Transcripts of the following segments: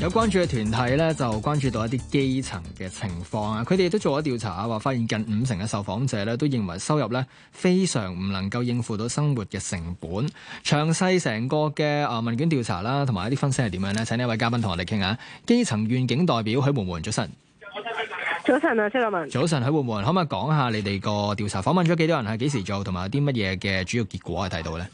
有關注嘅團體咧，就關注到一啲基層嘅情況啊！佢哋亦都做咗調查啊，話發現近五成嘅受訪者咧，都認為收入咧非常唔能夠應付到生活嘅成本。詳細成個嘅啊問卷調查啦，同埋一啲分析係點樣咧？請呢一位嘉賓同我哋傾下。基層願景代表許垣桓早晨。早晨啊，崔立文。早晨，許垣桓，可唔可以講下你哋個調查訪問咗幾多人？係幾時做？同埋啲乜嘢嘅主要結果係睇到咧？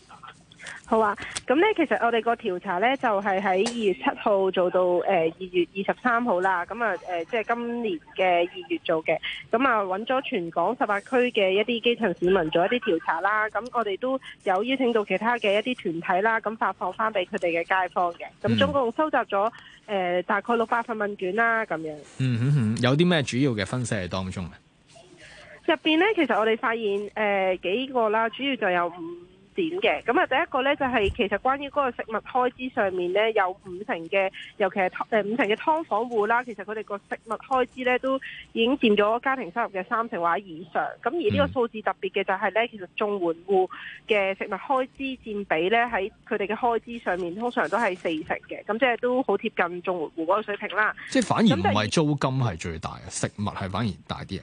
好啊，咁呢其實我哋個調查呢，就係喺二月七號做到誒二月二十三號啦，咁啊誒即係今年嘅二月做嘅，咁啊揾咗全港十八區嘅一啲基層市民做一啲調查啦，咁我哋都有邀請到其他嘅一啲團體啦，咁發放翻俾佢哋嘅街坊嘅，咁總共收集咗誒大概六百份問卷啦，咁樣。嗯哼哼、嗯嗯，有啲咩主要嘅分析喺當中咧？入邊呢，其實我哋發現誒、呃、幾個啦，主要就有五。點嘅咁啊，第一個咧就係其實關於嗰個食物開支上面咧，有五成嘅，尤其係誒五成嘅劏房戶啦，其實佢哋個食物開支咧都已經佔咗家庭收入嘅三成或者以上。咁而呢個數字特別嘅就係、是、咧，其實綜援戶嘅食物開支佔比咧喺佢哋嘅開支上面通常都係四成嘅，咁即係都好貼近綜援戶嗰個水平啦。即係反而唔係租金係最大，食物係反而大啲嘅。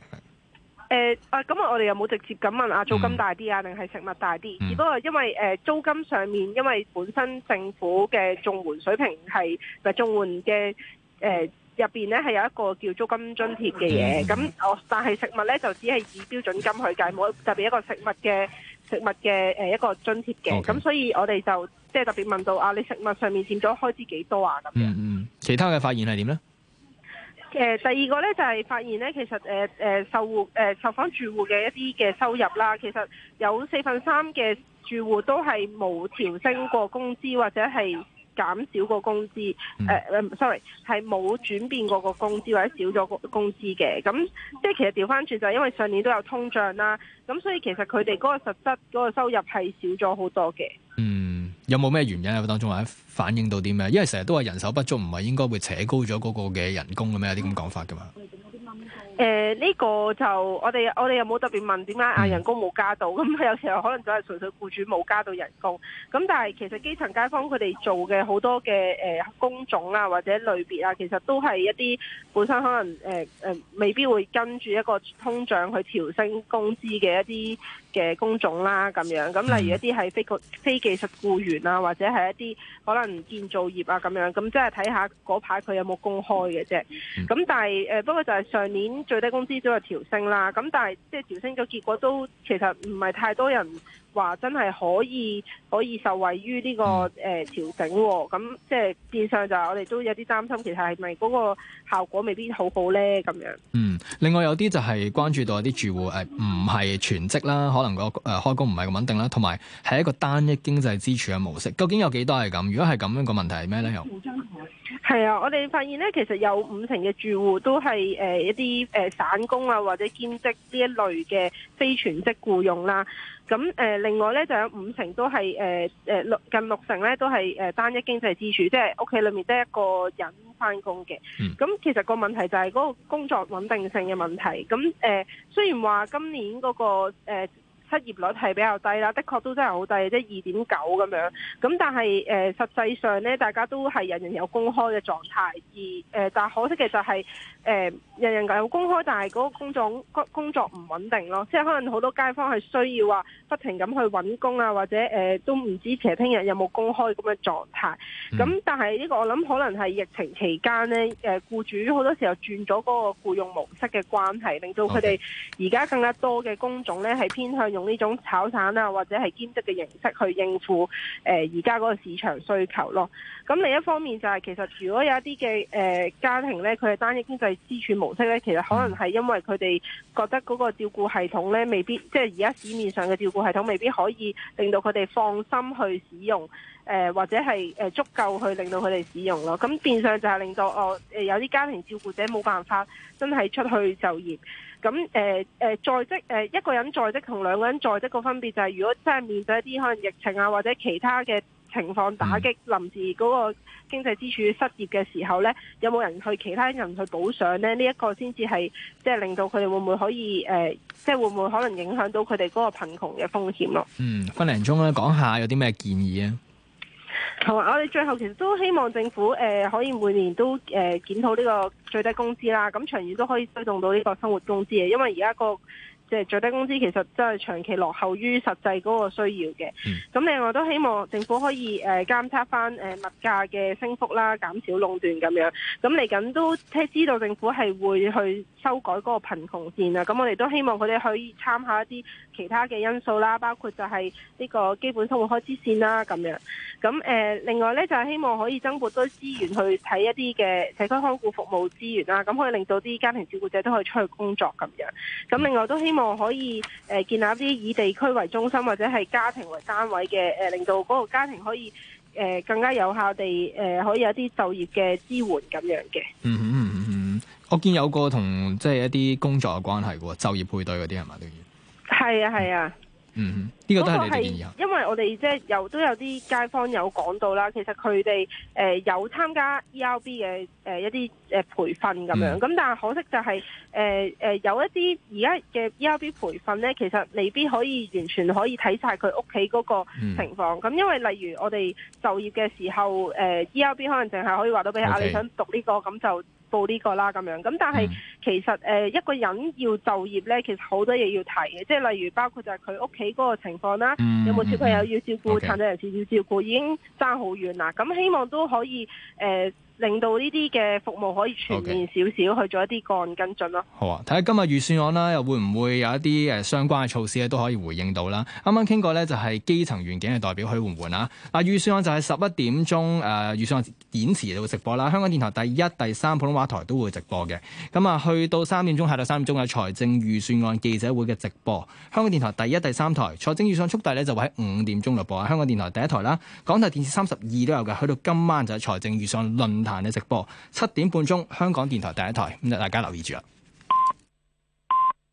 誒啊！咁、呃、我我哋有冇直接咁問啊？租金大啲啊，定係食物大啲？只、嗯、不過因為誒、呃、租金上面，因為本身政府嘅綜援水平係咪綜援嘅誒入邊咧，係、呃、有一個叫租金津貼嘅嘢。咁我、嗯、但係食物咧就只係以標準金去計，冇特別一個食物嘅食物嘅誒一個津貼嘅。咁 Okay. 所以我哋就即係特別問到啊，你食物上面佔咗開支幾多少啊？咁樣嗯，嗯其他嘅發現係點咧？誒、呃、第二個咧就係、是、發現咧，其實誒誒、呃呃、受戶誒、呃、受訪住戶嘅一啲嘅收入啦，其實有四分三嘅住戶都係冇調升過工資，或者係減少過工資。誒誒、嗯呃、sorry，係冇轉變過個工資，或者少咗個工資嘅。咁即係其實調返轉就係因為上年都有通脹啦，咁所以其實佢哋嗰個實質嗰個收入係少咗好多嘅。嗯。有冇咩原因喺當中啊？反映到啲咩？因為成日都話人手不足，唔係應該會扯高咗嗰個嘅人工嘅咩？有啲咁講法㗎嘛？誒呢、呃這個就我哋我哋又冇特別問點解啊，人工冇加到咁、嗯嗯，有時候可能就係純粹僱主冇加到人工。咁但係其實基層街坊佢哋做嘅好多嘅誒工種啊或者類別啊，其實都係一啲本身可能誒誒、呃呃、未必會跟住一個通脹去調升工資嘅一啲。嘅工種啦，咁樣咁例如一啲係非技非技術僱員啊，或者係一啲可能建造業啊咁樣，咁即係睇下嗰排佢有冇公開嘅啫。咁但係誒，不過就係上年最低工資都有調升啦。咁但係即係調升咗，結果都其實唔係太多人。話真係可以可以受惠於呢個誒調整喎，咁即係變相就係我哋都有啲擔心，其實係咪嗰個效果未必好好咧咁樣？嗯，另外有啲就係關注到一啲住戶誒唔係全職啦，可能、個誒、呃、開工唔係咁穩定啦，同埋係一個單一經濟支柱嘅模式，究竟有幾多係咁？如果係咁樣、個問題係咩咧？又、嗯？係啊，我哋發現咧，其實有五成嘅住戶都係誒、呃、一啲誒散工啊或者兼職呢一類嘅非全職僱用啦。咁誒、呃，另外咧，就有五成都係誒誒六近六成咧都係誒單一經濟支柱，即係屋企裏面得一個人返工嘅。咁、嗯、其實個問題就係嗰個工作穩定性嘅問題。咁誒、呃，雖然話今年嗰、那個誒。呃失業率係比較低啦，的確都真係好低，即係二點九咁樣。咁但係誒、呃，實際上呢，大家都係人人有公開嘅狀態，而誒，但、呃、係可惜嘅就係、是、誒、呃，人人有公開，但係嗰個工種工作唔穩定咯。即係可能好多街坊係需要話，不停咁去揾工啊，或者誒、呃、都唔知其實聽日有冇公開咁嘅狀態。咁、嗯、但係呢個我諗可能係疫情期間呢，誒、呃、僱主好多時候轉咗嗰個僱用模式嘅關係，令到佢哋而家更加多嘅工種呢係偏向用，呢種炒散啊，或者係兼職嘅形式去應付誒而家嗰個市場需求咯。咁另一方面就係其實如果有一啲嘅家庭咧，佢係單一經濟支柱模式咧，其實可能係因為佢哋覺得嗰個照顧系統咧，未必即係而家市面上嘅照顧系統未必可以令到佢哋放心去使用，誒或者係誒足夠去令到佢哋使用咯。咁變相就係令到我有啲家庭照顧者冇辦法真係出去就業咁誒誒在職誒、呃、一個人在職同兩個人在職個分別就係，如果真係面對一啲可能疫情啊或者其他嘅情況打擊，臨時嗰個經濟支柱失業嘅時候咧，有冇人去其他人去補上咧？呢、這、一個先至係即係令到佢哋會唔會可以誒即係會唔會可能影響到佢哋嗰個貧窮嘅風險咯？嗯，分零鐘咧講下有啲咩建議啊？同埋我哋最後其實都希望政府誒、呃、可以每年都誒、呃、檢討呢個最低工資啦，咁長遠都可以推動到呢個生活工資嘅，因為而家、嗰個。即係最低工資其實真係長期落後於實際嗰個需要嘅。咁另外都希望政府可以誒監測翻誒物價嘅升幅啦，減少壟斷咁樣。咁嚟緊都知道政府係會去修改嗰個貧窮線啊。咁我哋都希望佢哋可以參考一啲其他嘅因素啦，包括就係呢個基本生活開支線啦咁樣。咁誒另外呢，就係希望可以增撥多啲資源去睇一啲嘅社區康護服務資源啦。咁可以令到啲家庭照顧者都可以出去工作咁樣。咁另外都希望。我可以誒、呃、建立一啲以地區為中心或者係家庭為單位嘅誒、呃，令到嗰個家庭可以誒、呃、更加有效地誒、呃，可以有啲就業嘅支援咁樣嘅、嗯。嗯嗯嗯嗯嗯，我見有個同即係一啲工作嘅關係嘅就業配對嗰啲係咪都要？係啊係啊。嗯，呢、這個都係你嘅意見。因為我哋即係有都有啲街坊有講到啦，其實佢哋誒有參加 E.R.B 嘅誒、呃、一啲誒培訓咁樣，咁、嗯、但係可惜就係誒誒有一啲而家嘅 E.R.B 培訓咧，其實未必可以完全可以睇晒佢屋企嗰個情況。咁、嗯、因為例如我哋就業嘅時候，誒、呃、E.R.B 可能淨係可以話到俾阿你想讀呢、這個咁、嗯、就。報呢個啦，咁樣，咁但係、嗯、其實誒、呃、一個人要就業呢，其實好多嘢要提嘅，即係例如包括就係佢屋企嗰個情況啦，嗯、有冇小朋友要照顧，殘疾、嗯嗯嗯 okay. 人士要照顧，已經爭好遠啦，咁希望都可以誒。呃令到呢啲嘅服務可以全面少少 Okay. 去做一啲個案跟進咯。好啊，睇下今日預算案啦，又會唔會有一啲相關嘅措施咧都可以回應到啦。啱啱傾過咧就係基層願景嘅代表許垣桓啊。嗱預算案就係十一點鐘誒預算案延遲就會直播啦。香港電台第一、第三普通話台都會直播嘅。咁啊去到三點鐘下到三點鐘嘅財政預算案記者會嘅直播，香港電台第一、第三台財政預算,政預算速遞咧就喺五點鐘落播啊。香港電台第一台啦，港台電視三十二都有嘅。去到今晚就係財政預算論壇。行直播，七點半鐘，香港電台第一台，咁大家留意住啦。